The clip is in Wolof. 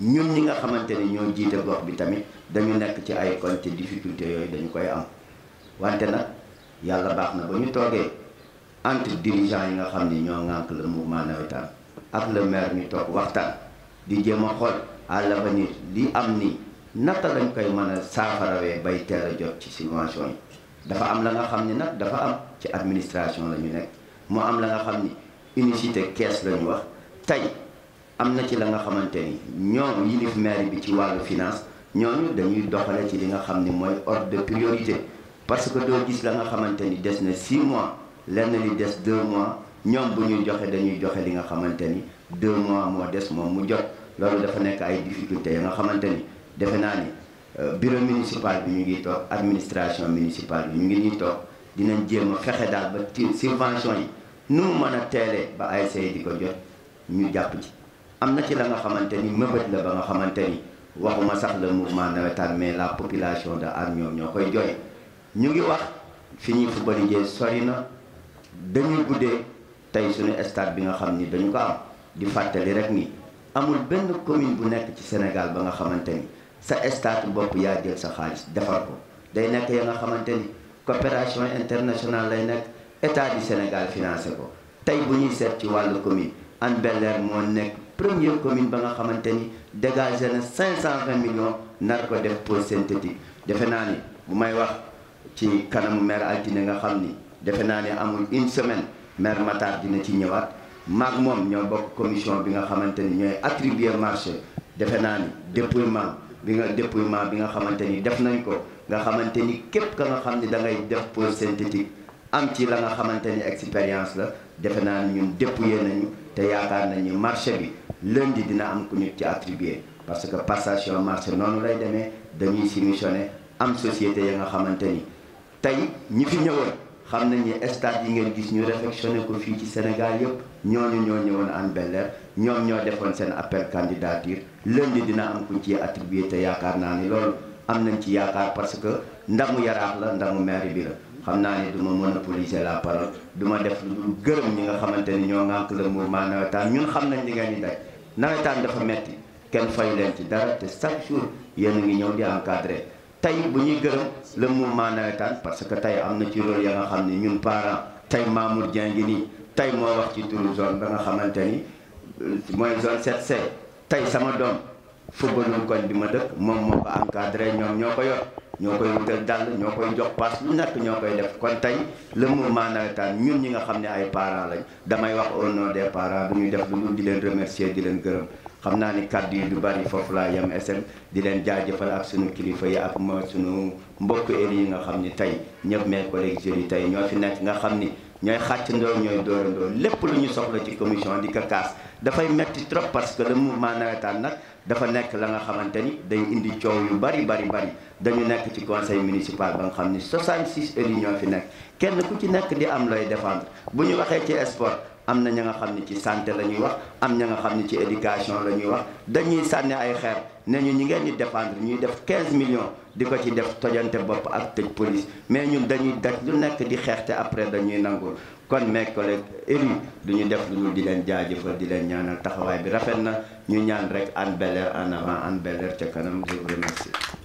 ñun ñi nga xamante ne ñoo jiite gox bi tamit dañu nekk ci ay koñ te difficulté yooyu dañu koy am wante nag yàlla baax na ba ñu toogee entre dirigeants yi nga xam ne ñoo ŋànk le mouvement nawetaan ak le maire ñu toog waxtaan di jéem a xool à l'avenir li am nii naka lañ koy mën a saafarawee bay teel a jot ci subvention yi dafa am la nga xam ni nag dafa am ci administration la ñu nekk mu am la nga xam ni unicité caisse la wax tey amna ci la nga xamante ni ñoom yilif maire bi ci walu finance ñooñu dañuy doxale ci li nga xamni moy ordre de priorité parce que do gis la nga xamanteni dess na 6 mois lenn li dess 2 mois ñoom bu ñuy joxe dañuy joxe li nga xamanteni 2 mois mo dess mom mu jot lolu dafa nekk ay difficulté nga xamanteni ni na ni euh, bureau municipal bi ñu ngi tok administration municipale bi ñu ngi ñuy toog dinañ jëm fexé fexe daal ba subvention yi nu mëna télé ba ay sey di ko jot ñu japp ci am na ci la nga xamante ni mëbët la ba nga xamante ni waxuma sax la le ma nawetaan mais la population de Hann ñoom ñoo koy jooy ñu ngi wax fi ñuy football liggéey sori na dañuy guddee tey suñu stade bi nga xam ni dañu ko am di fàttali rek ni amul benn commune bu nekk ci Sénégal ba nga xamante ni sa stade bopp yaa jël sa xaalis defar ko day nekk ya nga xamante ni coopération internationale lay nekk état du Sénégal financé ko tey bu ñuy seet ci wàllu commune moo nekk première commune ba nga xamante ni dégagé na 520 millions nar ko def pôle synthétique defe naa ni bu may wax ci kanamu maire altine nga xam ni defe naa ni amul une semaine maire Matar dina ci ñëwaat maag moom ñoo bokk commission bi nga xamante ni ñooy attribuer marché defe naa ni dépouillement bi nga dépouillement bi nga xamante ni def nañ ko nga xamante ni képp ka nga xam ni da def pôle synthétique am ci la nga xamante ni expérience la defe naa ni ñun dépouillé nañu te yaakaar nañu marché bi lundi dina am ku ñu ci attribuer parce que passage sur le marché nonu lay démé dañuy simissioné am société ya nga xamanteni tay ñi fi ñëwoon xam nañ ni stade yi ngeen gis ñu réflexioné ko fii ci Sénégal yëpp ñooñu ñoo ñëwoon en Bélair ñoom ñoo defoon seen appel candidature lundi dina am ku ci attribuer te yaakaar naa ni loolu am nañ ci yaakaar parce que ndamu yaraax la ndamu maire bi la xam naa ni du ma monopoliser la parole du ma def lu gërëm ñi nga xamante ni ñoo ngànk la mouvement nawetaan ñun xam li ngeen di daj nawetaan dafa metti ken fayu leen ci dara te chaque jour yéen a ngi ñëw di encadré tey bu ñuy gërëm le mouvement nawetaan parce que tey am na ci loolu ya nga xam ne ñun parent tey Mamour Dien ngi nii wax ci turu zone ba nga xamante ni euh, zone 7C tey sama doom fu bëgg koñ bi ma dëkk moom moo ko encadré ñoom yor ñoo koy wutal dàll ñoo koy jox paas lu nekk ñoo koy def kon tey le mouvement navétane ñun ñi nga xam ne ay parent lañ damay wax au nom des parents du ñuy def lu dul di leen remercier di leen gërëm xam naa ni kàddu yi du bari foofu laa yem sm di leen jaajëfal ak suñu kilifa yi ak mooy suñu mbokk éli yi nga xam ni tey ñëpp mes collègues jeunes yi tey ñoo fi nekk nga xam ni ñooy xàcc xàccandoo ñooy dóorandoo lépp lu ñu soxla ci commission di ko dafay metti trop parce que le mouvement nawetaan nag dafa nekk la nga xamante ni day indi coow yu bari bari bari dañu nekk ci conseil municipal ba nga xam ni 66 élus ñoo fi nekk kenn ku ci nekk di am looy défendre bu ñu waxee ci sport am na ña nga xam ne ci santé la ñuy wax am ña nga xam ne ci éducation la ñuy wax dañuy sànni ay xeer ne ñu ñi ngeen di dépendre ñuy def 15 millions di ko ci def tojante bopp ak tëj police mais ñu dañuy daj lu nekk di xeex te après dañuy nangu kon mes collègues élus du ñu def lu ñu di leen jaajëfal di leen ñaanal taxawaay bi rafet na ñu ñaan rek Hann bel en avant Hann bel ca kanam je vous